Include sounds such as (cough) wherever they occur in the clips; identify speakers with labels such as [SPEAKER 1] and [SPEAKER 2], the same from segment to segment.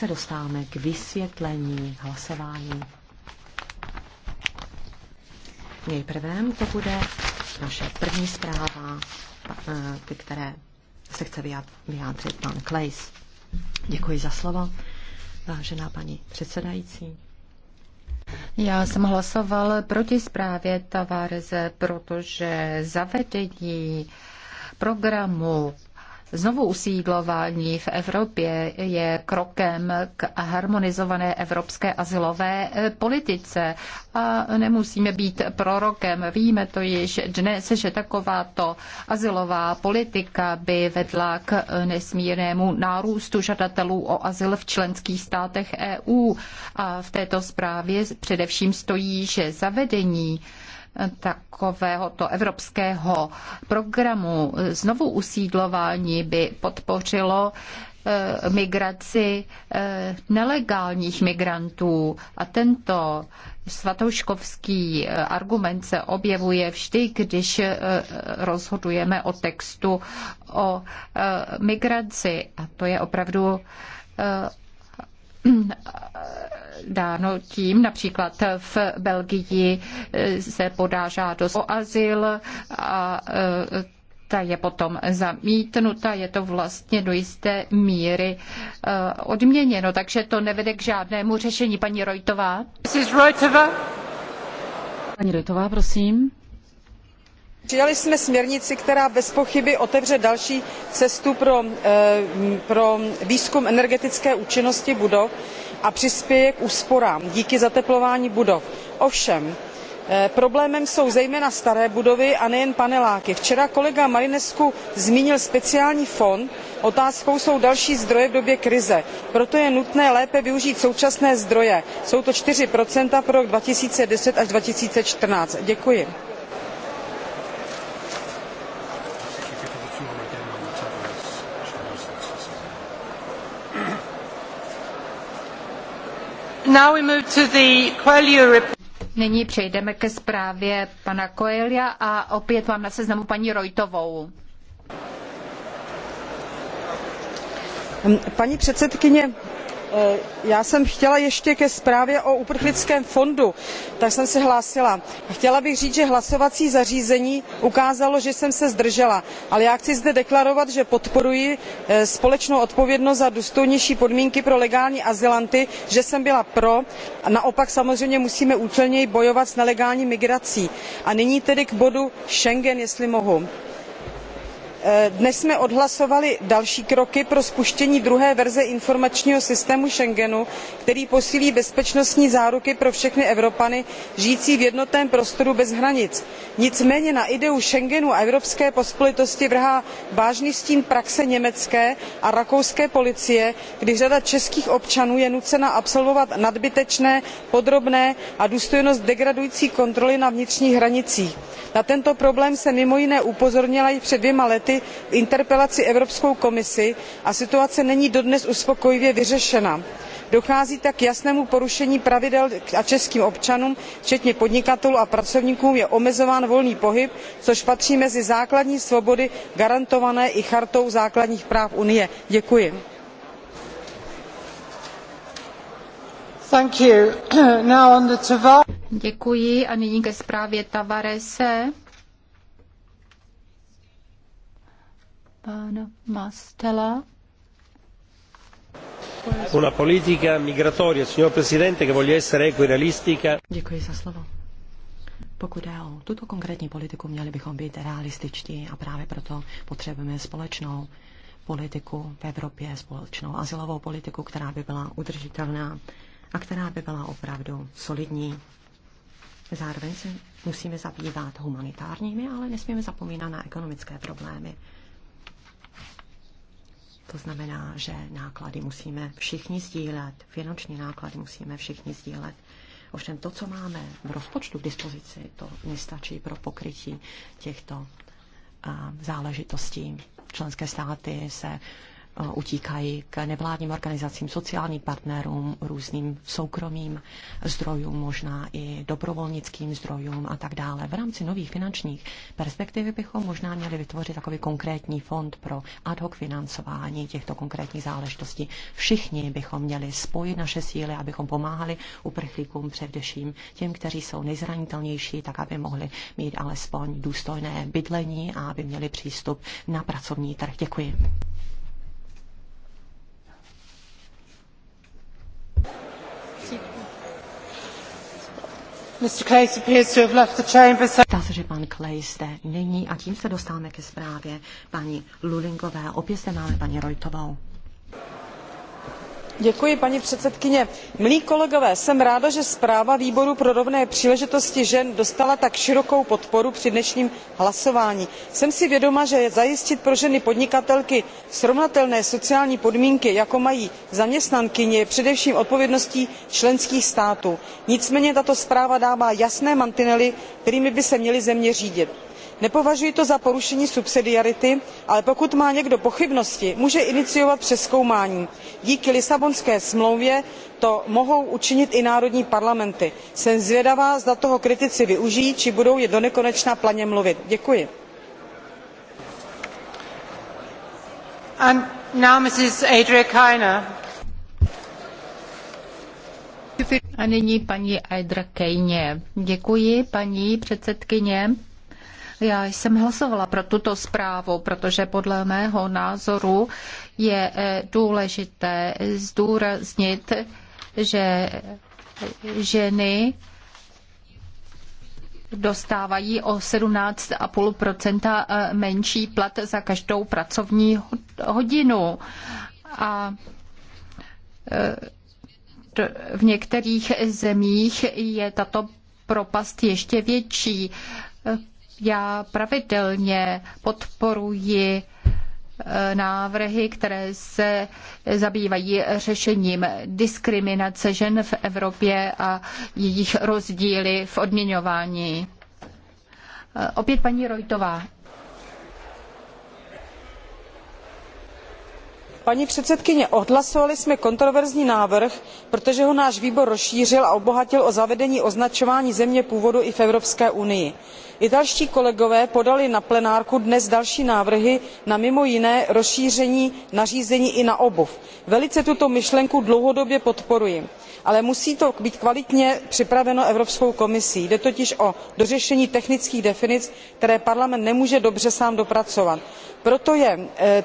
[SPEAKER 1] se dostáváme k vysvětlení hlasování. Nejprve to bude naše první zpráva, ke eh, které se chce vyjádřit pan Klejs. Děkuji za slovo, vážená paní předsedající.
[SPEAKER 2] Já jsem hlasoval proti zprávě Tavareze, protože zavedení programu Znovu usídlování v Evropě je krokem k harmonizované evropské asilové eh, politice a nemusíme být prorokem. Víme to již dnes, že takováto asilová politika by vedla k eh, nesmírnému nárůstu žadatelů o azyl v členských státech EU. A v této zprávě především stojí, že zavedení takovéhoto evropského programu znovu usídlování by podpořilo eh, migraci eh, nelegálních migrantů. A tento svatouškovský eh, argument se objevuje vždy, když rozhodujeme o textu o migraci. A to je opravdu (clears throat) dáno tím, například v Belgii eh, se podá žádost o azyl a eh, ta je potom zamítnuta, je to vlastně do jisté míry eh, odměněno, takže to nevede k žádnému řešení. Paní Rojtová.
[SPEAKER 3] Paní Rojtová, prosím
[SPEAKER 4] přijali jsme směrnici která bezpochyby otevře další cestu eh, pro výzkum energetické účinnosti budov a přispěje k úsporám díky zateplování budov. ovšem eh, problémem jsou zejména staré budovy a nejen paneláky. včera kolega marinescu zmínil speciální fond otázkou jsou další zdroje v době krize proto je nutné lépe využít současné zdroje jsou to procenta pro rok two thousand and ten až. two thousand and fourteen děkuji.
[SPEAKER 2] Nyní přejdeme ke zprávě pana Coelia a opět mám na seznamu paní Rojtovou.
[SPEAKER 4] Paní předsedkyně, Eh, já jsem chtěla ještě ke zprávě o uprchlickém fondu tak jsem se hlásila. chtěla bych říct že hlasovací zařízení ukázalo že jsem se zdržela ale já chci zde deklarovat že podporuji eh, společnou odpovědnost za důstojnější podmínky pro legální azylanty že jsem byla pro naopak samozřejmě musíme účelněji bojovat s nelegální migrací. a nyní tedy k bodu schengen jestli mohu. Eh, dnes jsme odhlasovali další kroky pro spuštění druhé verze informačního systému schengenu který posílí bezpečnostní záruky pro všechny evropany žijící v jednotném prostoru bez hranic. nicméně na ideu schengenu a evropské pospolitosti vrhá vážný stín praxe německé a rakouské policie kdy řada českých občanů je nucena absolvovat nadbytečné podrobné a důstojnost degradující kontroly na vnitřních hranicích. na tento problém jsem mimo jiné upozornila již před dvěma lety lety v interpelaci evropskou komisi a situace není dodnes uspokojivě vyřešena. dochází tak k jasnému porušení pravidel a českým občanům včetně podnikatelů a pracovníků je omezován volný pohyb což patří mezi základní svobody garantované i chartou základních práv unie. děkuji. (clears throat)
[SPEAKER 2] Děkuji a nyní ke zprávě Tavarese. Pán Mastela.
[SPEAKER 5] Una politica migratoria, signor Presidente, che voglia essere equirealistica. E
[SPEAKER 1] Děkuji za slovo. Pokud jde o tuto konkrétní politiku, měli bychom být realističtí a právě proto potřebujeme společnou politiku v Evropě, společnou asilovou politiku, která by byla udržitelná a která by byla opravdu solidní. Zároveň se musíme zabývat humanitárními, ale nesmíme zapomínat na ekonomické problémy. To znamená, že náklady musíme všichni sdílet, finanční náklady musíme všichni sdílet. Ovšem to, co máme v rozpočtu k dispozici, to nestačí pro pokrytí těchto záležitostí. Členské státy se utíkají k nevládním organizacím, sociálním partnerům, různým soukromým zdrojům, možná i dobrovolnickým zdrojům a tak dále. V rámci nových finančních perspektiv bychom možná měli vytvořit takový konkrétní fond pro ad hoc financování těchto konkrétních záležitostí. Všichni bychom měli spojit naše síly, abychom pomáhali uprchlíkům, především těm, kteří jsou nejzranitelnější, tak aby mohli mít alespoň důstojné bydlení a aby měli přístup na pracovní trh. Děkuji. Zdá se, že pan Clay zde není a tím se dostáváme ke zprávě
[SPEAKER 4] paní Lulingové. Opět zde máme paní Rojtovou paní předsedající milí kolegové jsem ráda že zpráva výboru pro rovné příležitosti žen dostala tak širokou podporu při dnešním hlasování. jsem si vědoma že zajistit pro ženy podnikatelky srovnatelné sociální podmínky jako mají zaměstnankyně je především odpovědností členských států nicméně tato zpráva dává jasné mantinely kterými by se měly země řídit nepovažuji to za porušení subsidiarity ale pokud má někdo pochybnosti může iniciovat přezkoumání. díky lisabonské smlouvě to mohou učinit i národní parlamenty. jsem zvědavá zda toho kritici využijí či budou jen donekonečna planě mluvit. děkuji.
[SPEAKER 2] paní Děkuji, paní předsedkyně. Já jsem hlasovala pro tuto zprávu, protože podle mého názoru je eh, důležité zdůraznit, že ženy dostávají o 17,5 eh, menší plat za každou pracovní hodinu. A eh, v některých zemích je tato propast ještě větší. Já pravidelně podporuji eh, návrhy, které se zabývají řešením diskriminace žen v Evropě a jejich rozdíly v odměňování. Eh, opět paní Rojtová.
[SPEAKER 4] paní předsedkyně odhlasovali jsme kontroverzní návrh protože ho náš výbor rozšířil a obohatil o zavedení označování země původu i v evropské unii. italští kolegové podali na plenárku dnes další návrhy na mimo jiné rozšíření nařízení i na obuv. velice tuto myšlenku dlouhodobě podporuji ale musí to být kvalitně připraveno evropskou komisí jde totiž o dořešení technických definic které parlament nemůže dobře sám dopracovat. proto je eh,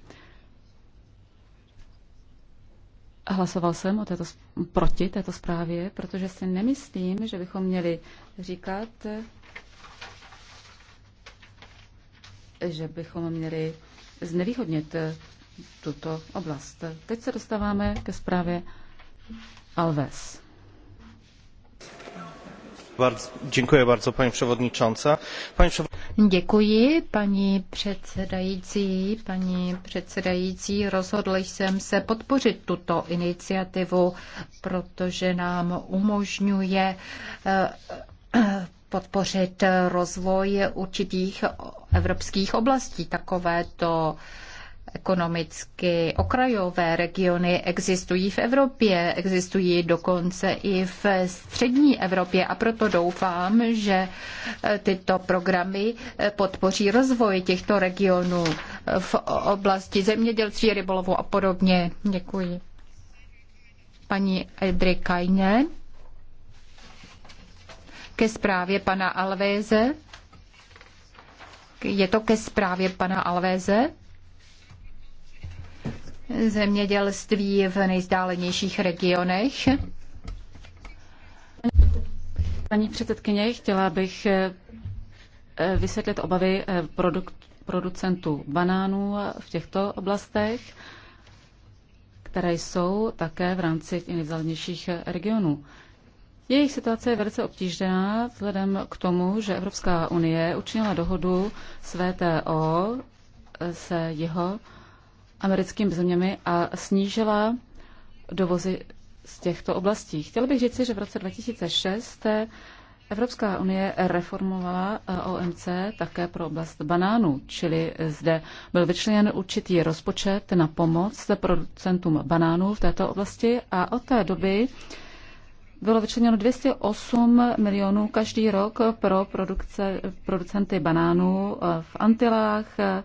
[SPEAKER 3] Hlasoval jsem o této, proti této zprávě, protože si nemyslím, že bychom měli říkat, že bychom měli znevýhodnit eh, tuto oblast. Teď se dostáváme ke zprávě Alves.
[SPEAKER 5] Bardzo, dziękuję bardzo, pani przewodnicząca. Pani przewodnicząca.
[SPEAKER 2] Děkuji, paní předsedající. Paní předsedající, rozhodl jsem se podpořit tuto iniciativu, protože nám umožňuje eh, podpořit rozvoj určitých evropských oblastí. Takovéto ekonomicky okrajové regiony existují v Evropě, existují dokonce i v střední Evropě a proto doufám, že eh, tyto programy eh, podpoří rozvoj těchto regionů eh, v oblasti zemědělství, rybolovu a podobně. Děkuji. Paní Edry Kajne ke zprávě pana Alvéze. Je to ke zprávě pana Alvéze? zemědělství v nejzdálenějších regionech? Paní předsedkyně, chtěla bych eh,
[SPEAKER 3] eh, vysvětlit obavy eh, produkt, producentů banánů v těchto oblastech, které jsou také v rámci nejzdálenějších regionů. Jejich situace je velice obtížná vzhledem k tomu, že Evropská unie učinila dohodu s VTO se jeho americkými zeměmi a snížila dovozy z těchto oblastí. Chtěl bych říci, že v roce 2006 Evropská unie reformovala eh, OMC také pro oblast banánů, čili zde byl vyčleněn určitý rozpočet na pomoc producentům banánů v této oblasti a od té doby bylo vyčleněno 208 milionů každý rok pro produkce, producenty banánů eh, v Antilách, eh,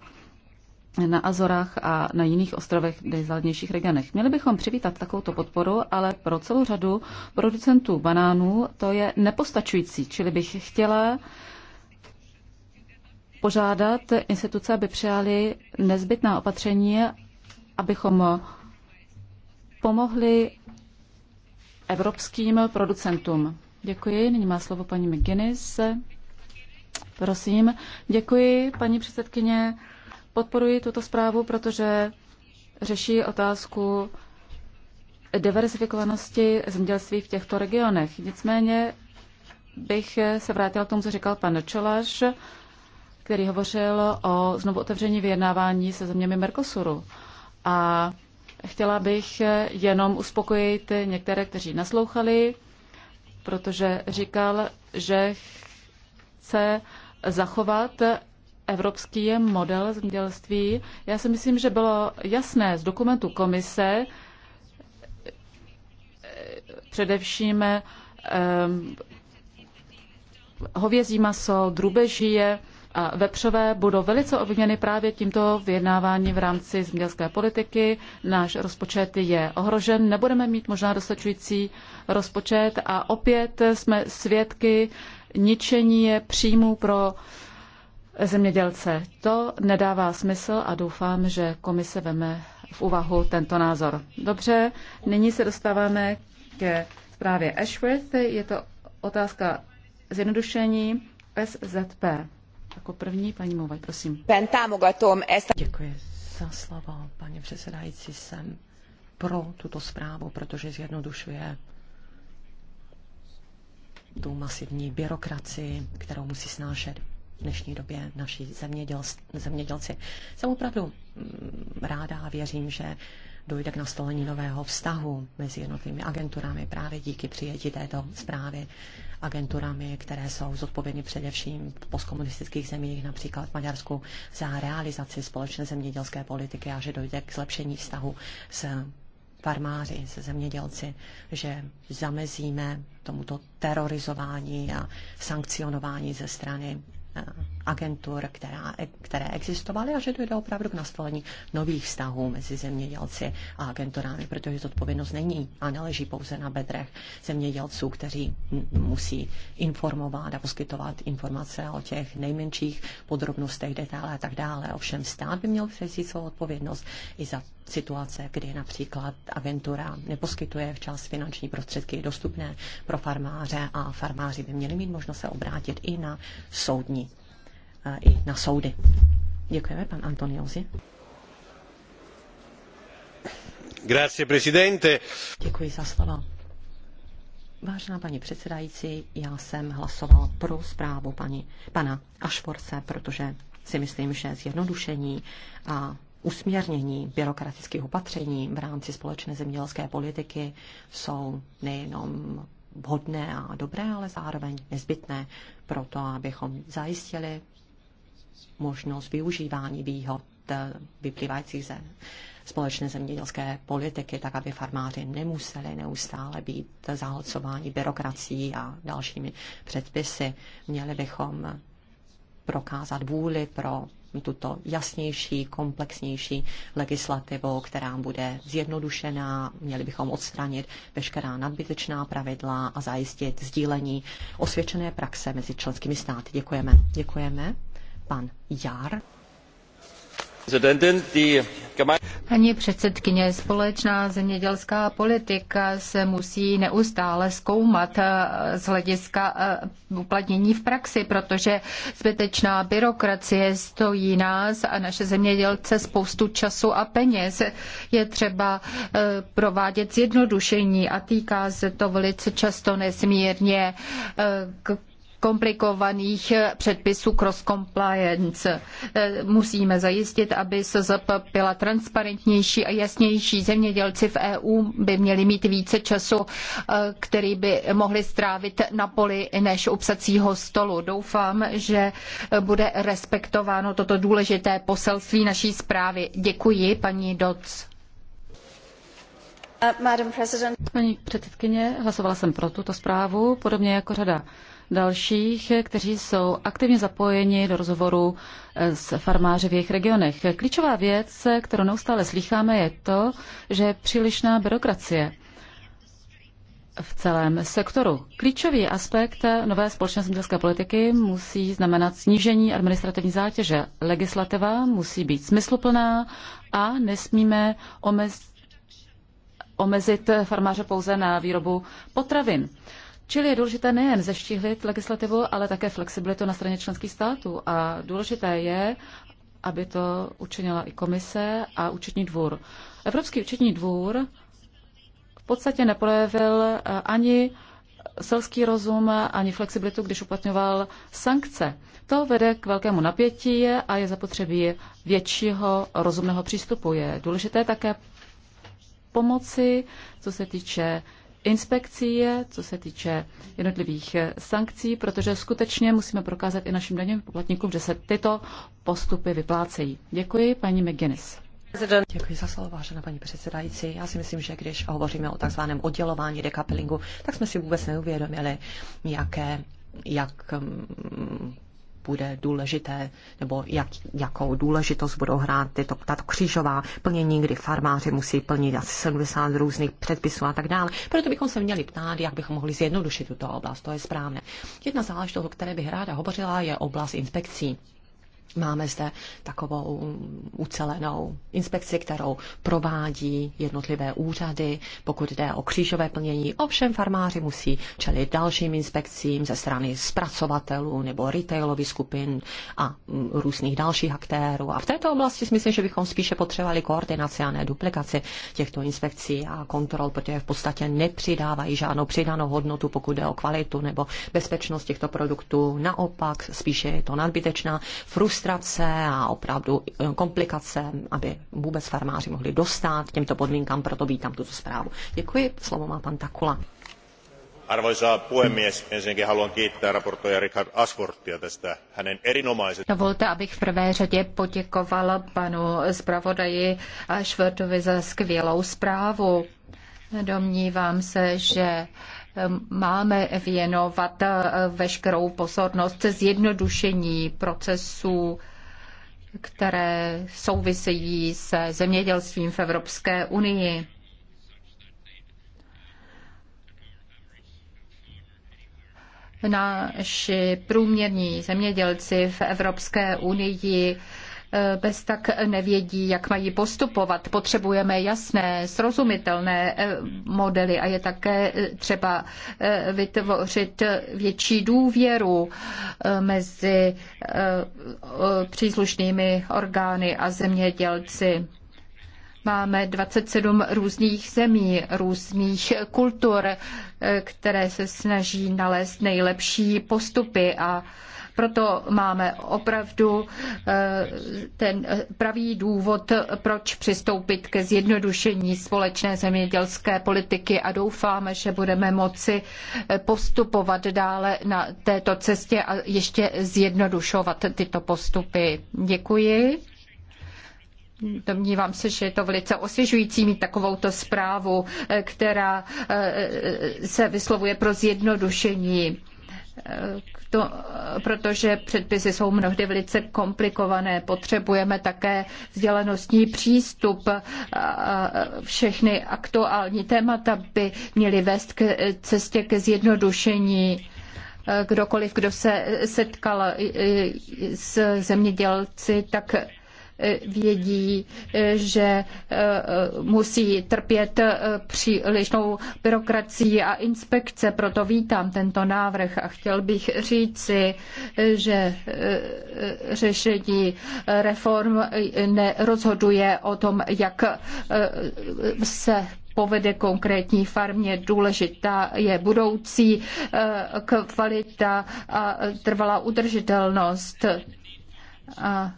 [SPEAKER 3] na Azorách a na jiných ostrovech v nejzálnějších regionech. Měli bychom přivítat takovouto podporu, ale pro celou řadu producentů banánů to je nepostačující, čili bych chtěla požádat instituce, aby přijali nezbytná opatření, abychom pomohli evropským producentům. Děkuji. Nyní má slovo paní McGuinness. Prosím. Děkuji, paní předsedkyně. Podporuji tuto zprávu, protože řeší otázku diversifikovanosti zemědělství v těchto regionech. Nicméně bych se vrátil k tomu, co říkal pan Čolaš, který hovořil o znovu otevření vyjednávání se zeměmi Mercosuru. A chtěla bych jenom uspokojit některé, kteří naslouchali, protože říkal, že chce zachovat evropský model zemědělství. Já si myslím, že bylo jasné z dokumentu komise, především eh, hovězí maso, drubežíje a vepřové budou velice ovlivněny právě tímto vyjednávání v rámci zemědělské politiky. Náš rozpočet je ohrožen, nebudeme mít možná dostačující rozpočet a opět jsme svědky ničení příjmů pro zemědělce. To nedává smysl a doufám, že komise veme v úvahu tento názor. Dobře, nyní se dostáváme ke zprávě Ashworth. Je to otázka zjednodušení SZP.
[SPEAKER 1] Jako první, paní Mouvaj, prosím. Děkuji za slovo, paní předsedající. Jsem pro tuto zprávu, protože zjednodušuje tu masivní byrokracii, kterou musí snášet v dnešní době naši zemědělci. Jsem opravdu mm, ráda a věřím, že dojde k nastolení nového vztahu mezi jednotlivými agenturami právě díky přijetí této zprávy agenturami, které jsou zodpovědní především v postkomunistických zemích, například v Maďarsku, za realizaci společné zemědělské politiky a že dojde k zlepšení vztahu s farmáři, se zemědělci, že zamezíme tomuto terorizování a sankcionování ze strany Eh, agentur, která, které existovaly a že dojde opravdu k nastolení nových vztahů mezi zemědělci a agenturami, protože zodpovědnost není a neleží pouze na bedrech zemědělců, kteří musí informovat a poskytovat informace o těch nejmenších podrobnostech, detailech a tak dále. Ovšem stát by měl přesít svou odpovědnost i za situace, kdy například agentura neposkytuje včas finanční prostředky dostupné pro farmáře a farmáři by měli mít možnost se obrátit i na soudní, eh, i na soudy. Děkujeme, pan Antoniozi.
[SPEAKER 5] Grazie, presidente.
[SPEAKER 1] Děkuji za slovo. Vážená paní předsedající, já jsem hlasoval pro zprávu paní, pana Ašvorce, protože si myslím, že zjednodušení a usměrnění byrokratických opatření v rámci společné zemědělské politiky jsou nejenom vhodné a dobré, ale zároveň nezbytné pro to, abychom zajistili možnost využívání výhod eh, vyplývajících ze společné zemědělské politiky, tak aby farmáři nemuseli neustále být zahlcováni byrokracií a dalšími předpisy. Měli bychom prokázat vůli pro tuto jasnější, komplexnější legislativu, která bude zjednodušená. Měli bychom odstranit veškerá nadbytečná pravidla a zajistit sdílení osvědčené praxe mezi členskými státy. Děkujeme. Děkujeme. Pan Jar.
[SPEAKER 2] Paní předsedkyně, společná zemědělská politika se musí neustále zkoumat eh, z hlediska eh, uplatnění v praxi, protože zbytečná byrokracie stojí nás a naše zemědělce spoustu času a peněz. Je třeba eh, provádět zjednodušení a týká se to velice často nesmírně komplikovaných předpisů cross-compliance. E, musíme zajistit, aby SZP byla transparentnější a jasnější. Zemědělci v EU by měli mít více času, e, který by mohli strávit na poli než u psacího stolu. Doufám, že bude respektováno toto důležité poselství naší zprávy. Děkuji, paní Doc.
[SPEAKER 3] Uh, paní předsedkyně, hlasovala jsem pro tuto zprávu, podobně jako řada dalších, kteří jsou aktivně zapojeni do rozhovoru eh, s farmáři v jejich regionech. Klíčová věc, kterou neustále slycháme, je to, že je přílišná byrokracie v celém sektoru. Klíčový aspekt nové společné zemědělské politiky musí znamenat snížení administrativní zátěže. Legislativa musí být smysluplná a nesmíme omez, omezit farmáře pouze na výrobu potravin. Čili je důležité nejen zeštihlit legislativu, ale také flexibilitu na straně členských států. A důležité je, aby to učinila i komise a účetní dvůr. Evropský účetní dvůr v podstatě neprojevil eh, ani selský rozum ani flexibilitu, když uplatňoval sankce. To vede k velkému napětí a je zapotřebí většího rozumného přístupu. Je důležité také pomoci, co se týče inspekcí, co se týče jednotlivých eh, sankcí, protože skutečně musíme prokázat i našim daňovým
[SPEAKER 1] poplatníkům, že se tyto postupy vyplácejí. Děkuji, paní McGuinness. Děkuji za slovo, vážená paní předsedající. Já si myslím, že když hovoříme o takzvaném oddělování dekapelingu, tak jsme si vůbec neuvědomili, jaké jak mm, bude důležité, nebo jak, jakou důležitost budou hrát tyto, tato křížová plnění, kdy farmáři musí plnit asi 70 různých předpisů a tak dále. Proto bychom se měli ptát, jak bychom mohli zjednodušit tuto oblast. To je správné. Jedna záležitost, o které bych ráda hovořila, je oblast inspekcí. Máme zde takovou ucelenou inspekci, kterou provádí jednotlivé úřady, pokud jde o křížové plnění. Ovšem farmáři musí čelit dalším inspekcím ze strany zpracovatelů nebo retailových skupin a mm, různých dalších aktérů. A v této oblasti si myslím, že bychom spíše potřebovali koordinaci a ne duplikaci těchto inspekcí a kontrol, protože v podstatě nepřidávají žádnou přidanou hodnotu, pokud jde o kvalitu nebo bezpečnost těchto produktů. Naopak spíše je to nadbytečná frustrace frustrace a opravdu eh, komplikace, aby vůbec farmáři mohli dostat těmto podmínkám, proto vítám tuto zprávu. Děkuji, slovo má pan Takula.
[SPEAKER 4] Arvoisa puhemies, ensinnäkin haluan kiittää raportoja Richard Ashworthia tästä hänen erinomaisesta...
[SPEAKER 2] Dovolte, abych v prvé řadě poděkovala panu zpravodaji Ashworthovi za skvělou zprávu. Domnívám se, že máme věnovat eh, veškerou pozornost zjednodušení procesů, které souvisejí se zemědělstvím v Evropské unii. Naši průměrní zemědělci v Evropské unii Eh, bez tak nevědí, jak mají postupovat. Potřebujeme jasné, srozumitelné eh, modely a je také eh, třeba vytvořit větší důvěru mezi příslušnými orgány a zemědělci. Máme 27 různých zemí, různých kultur, které se snaží nalézt nejlepší postupy a proto máme opravdu eh, ten pravý důvod, proč přistoupit ke zjednodušení společné zemědělské politiky a doufáme, že budeme moci eh, postupovat dále na této cestě a ještě zjednodušovat tyto postupy. Děkuji. Domnívám se, že je to velice osvěžující mít takovouto zprávu, eh, která se vyslovuje pro zjednodušení to, protože předpisy jsou mnohdy velice komplikované. Potřebujeme také vzdělanostní přístup. Všechny aktuální témata by měly vést k cestě ke zjednodušení. Kdokoliv, kdo se setkal s zemědělci, tak E, vědí, e, že e, musí trpět přílišnou byrokracií a inspekce. Proto vítám tento návrh a chtěl bych říci, že řešení reform nerozhoduje o tom, jak se povede konkrétní farmě. Důležitá je budoucí kvalita a trvalá udržitelnost. A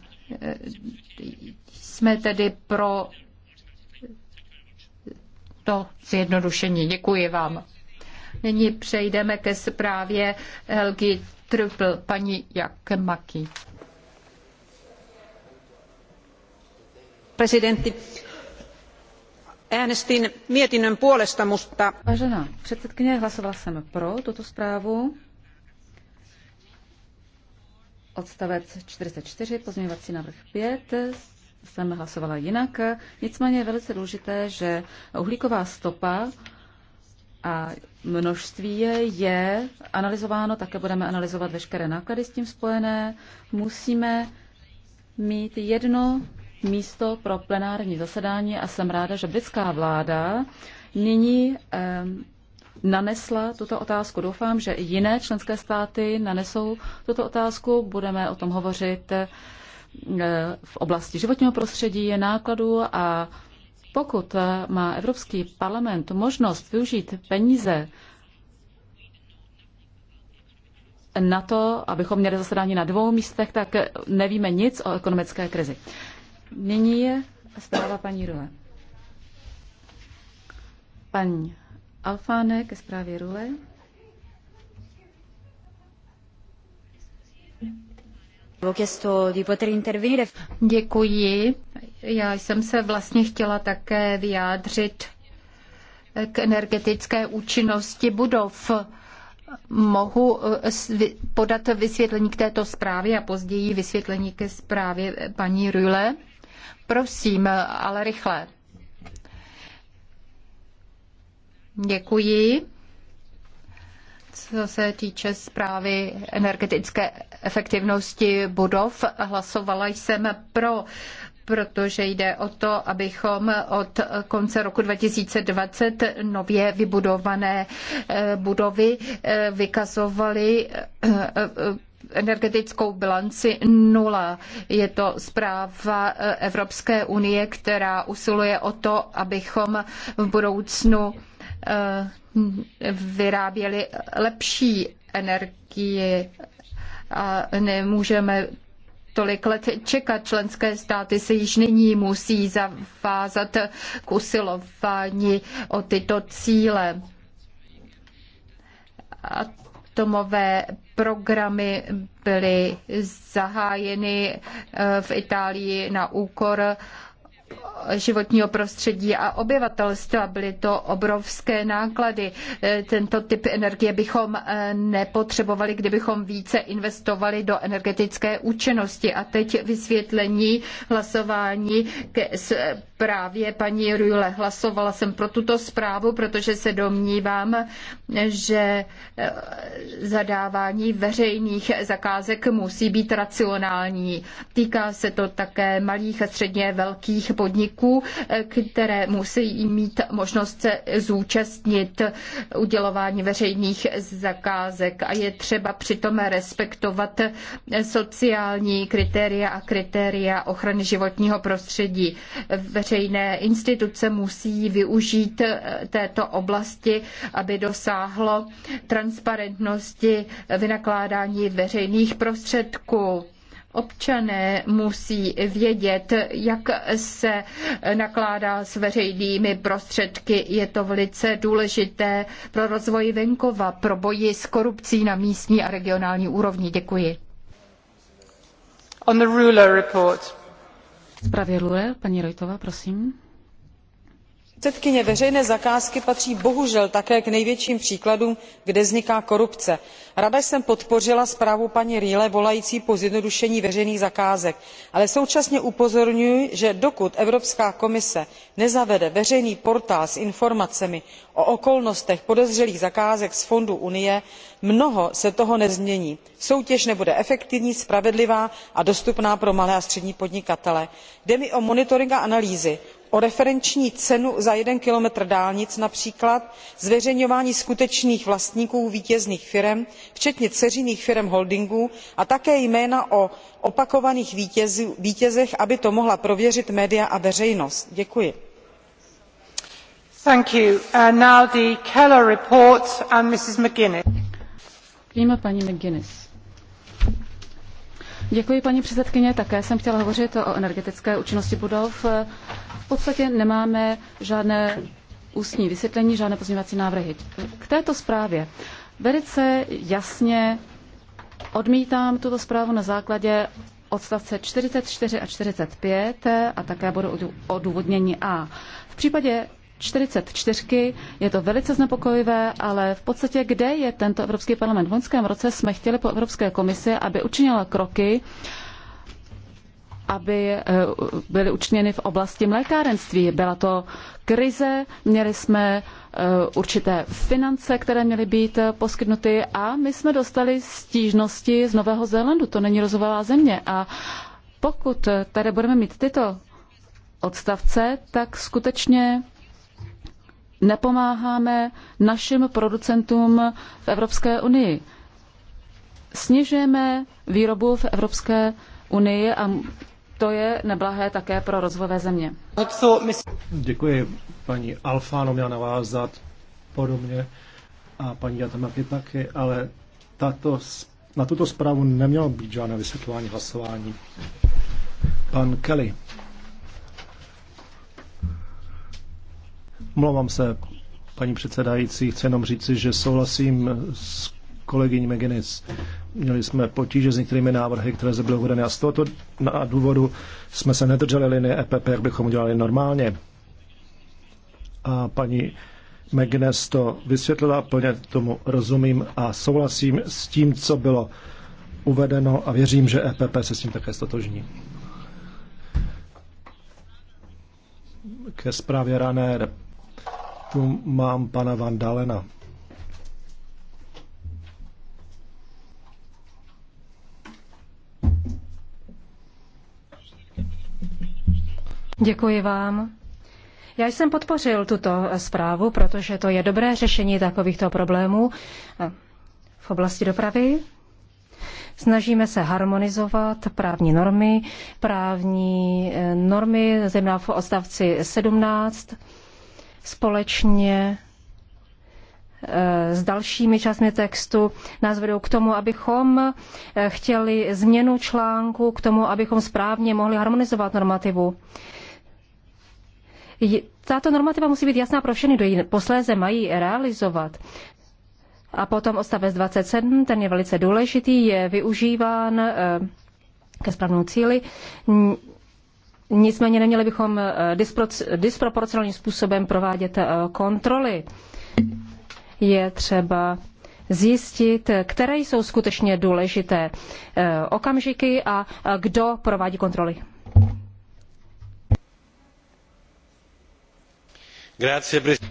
[SPEAKER 2] jsme tedy pro to zjednodušení. Děkuji vám. Nyní přejdeme ke zprávě Helgi Trupl, paní Jakemaki.
[SPEAKER 4] Prezidenti, äänestin mietinnön puolesta, mutta... Vážená předsedkyně, hlasovala
[SPEAKER 3] jsem pro tuto zprávu odstavec 44, pozměňovací návrh 5, jsem hlasovala jinak. Nicméně je velice důležité, že uhlíková stopa a množství je analyzováno, také budeme analyzovat veškeré náklady s tím spojené. Musíme mít jedno místo pro plenární zasedání a jsem ráda, že britská vláda nyní nanesla tuto otázku. Doufám, že i jiné členské státy nanesou tuto otázku. Budeme o tom hovořit eh, v oblasti životního prostředí, je nákladu a pokud eh, má Evropský parlament možnost využít peníze na to, abychom měli zasedání na dvou místech, tak nevíme nic o ekonomické krizi. Nyní je zpráva paní Rule. Paní Alfáne ke zprávě Rule.
[SPEAKER 2] Děkuji. Já jsem se vlastně chtěla také vyjádřit k energetické účinnosti budov. Mohu eh, podat vysvětlení k této zprávě a později vysvětlení ke zprávě paní Rule. Prosím, eh, ale rychle. Děkuji. Co se týče zprávy energetické efektivnosti budov, hlasovala jsem pro protože jde o to, abychom od konce roku 2020 nově vybudované eh, budovy eh, vykazovali eh, energetickou bilanci nula. Je to zpráva Evropské unie, která usiluje o to, abychom v budoucnu Eh, vyráběli lepší energii a nemůžeme tolik let čekat. Členské státy se již nyní musí zavázat k usilování o tyto cíle. Atomové programy byly zahájeny eh, v Itálii na úkor životního prostředí a obyvatelstva. Byly to obrovské náklady. E, tento typ energie bychom e, nepotřebovali, kdybychom více investovali do energetické účinnosti. A teď vysvětlení hlasování ke právě paní Rüle. Hlasovala jsem pro tuto zprávu, protože se domnívám, že eh, zadávání veřejných zakázek musí být racionální. Týká se to také malých a středně velkých podniků, eh, které musí mít možnost se zúčastnit udělování veřejných zakázek a je třeba přitom respektovat sociální kritéria a kritéria ochrany životního prostředí. Veřejný veřejné instituce musí využít eh, této oblasti, aby dosáhlo transparentnosti vynakládání veřejných prostředků občané musí vědět, jak se nakládá s veřejnými prostředky. Je to velice důležité pro rozvoj venkova, pro boji s korupcí na místní a regionální úrovni. Děkuji.
[SPEAKER 4] On the ruler report.
[SPEAKER 3] Zprávě Lule, paní Rojtová, prosím
[SPEAKER 4] předsedkyně veřejné zakázky patří bohužel také k největším příkladům kde vzniká korupce. ráda jsem podpořila zprávu paní reelové volající po zjednodušení veřejných zakázek ale současně upozorňuji že dokud evropská komise nezavede veřejný portál s informacemi o okolnostech podezřelých zakázek z fondů unie mnoho se toho nezmění soutěž nebude efektivní spravedlivá a dostupná pro malé a střední podnikatele. jde mi o monitoring a analýzy o referenční cenu za jeden kilometr dálnic například zveřejňování skutečných vlastníků vítězných firem včetně dceřiných firem holdingů a také jména o opakovaných vítězích aby to mohla prověřit média a veřejnost. děkuji.
[SPEAKER 3] Děkuji, paní předsedkyně. Také jsem chtěla hovořit o energetické účinnosti budov. V podstatě nemáme žádné ústní vysvětlení, žádné pozměňovací návrhy. K této zprávě velice jasně odmítám tuto zprávu na základě odstavce 44 a 45 a také bodu odůvodnění A. V případě 44. Je to velice znepokojivé, ale v podstatě kde je tento Evropský parlament? V loňském roce jsme chtěli po Evropské komisi, aby učinila kroky, aby e, byly učiněny v oblasti mlékárenství. Byla to krize, měli jsme e, určité finance, které měly být e, poskytnuty a my jsme dostali stížnosti z Nového Zélandu. To není rozvojová země. A pokud tady budeme mít tyto odstavce, tak skutečně nepomáháme našim producentům v Evropské unii. Snižujeme výrobu v Evropské unii a to je neblahé také pro rozvojové země.
[SPEAKER 4] Děkuji, paní Alfáno měla navázat podobně a paní Jatamaky taky, ale tato, na tuto zprávu nemělo být žádné vysvětlování hlasování. Pan Kelly. Mluvám se, paní předsedající, chci jenom říci, že souhlasím s kolegyní McGinnis. Měli jsme potíže s některými návrhy, které zde byly uvedeny a z tohoto důvodu jsme se nedrželi linie EPP, jak bychom udělali normálně. A paní McGuinness to vysvětlila, plně tomu rozumím a souhlasím s tím, co bylo uvedeno a věřím, že EPP se s tím také stotožní. Ke zprávě rané tu mám pana Vandalena.
[SPEAKER 5] Děkuji vám. Já jsem podpořil tuto zprávu, protože to je dobré řešení takovýchto problémů v oblasti dopravy. Snažíme se harmonizovat právní normy, právní eh, normy, zejména v odstavci 17 společně eh, s dalšími částmi textu nás vedou k tomu, abychom eh, chtěli změnu článku, k tomu, abychom správně mohli harmonizovat normativu. Tato normativa musí být jasná pro všechny, kdo ji posléze mají realizovat. A potom odstavec 27, ten je velice důležitý, je využíván eh, ke správnou cíli. Nicméně neměli bychom eh, disproporcionálním způsobem provádět eh, kontroly. Je třeba zjistit, které jsou skutečně důležité eh, okamžiky a kdo provádí kontroly.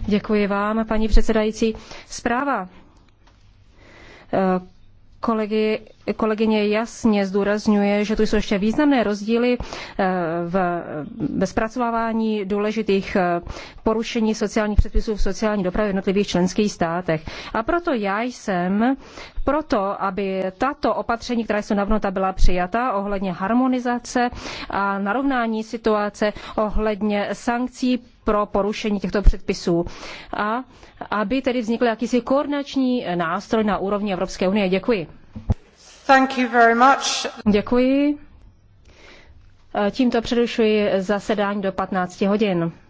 [SPEAKER 5] Děkuji vám, paní předsedající. Zpráva Kolegy, kolegyně jasně zdůrazňuje, že tu jsou ještě významné rozdíly eh, v, ve zpracovávání důležitých eh, porušení sociálních předpisů v sociální dopravě v jednotlivých členských státech. A proto já jsem proto, aby tato opatření, která jsou navnuta, byla přijata ohledně harmonizace a narovnání situace ohledně sankcí pro porušení těchto předpisů a aby tedy vznikl jakýsi koordinační nástroj na úrovni Evropské unie. Děkuji. Thank you very much. Děkuji. Tímto přerušuji zasedání do 15 hodin.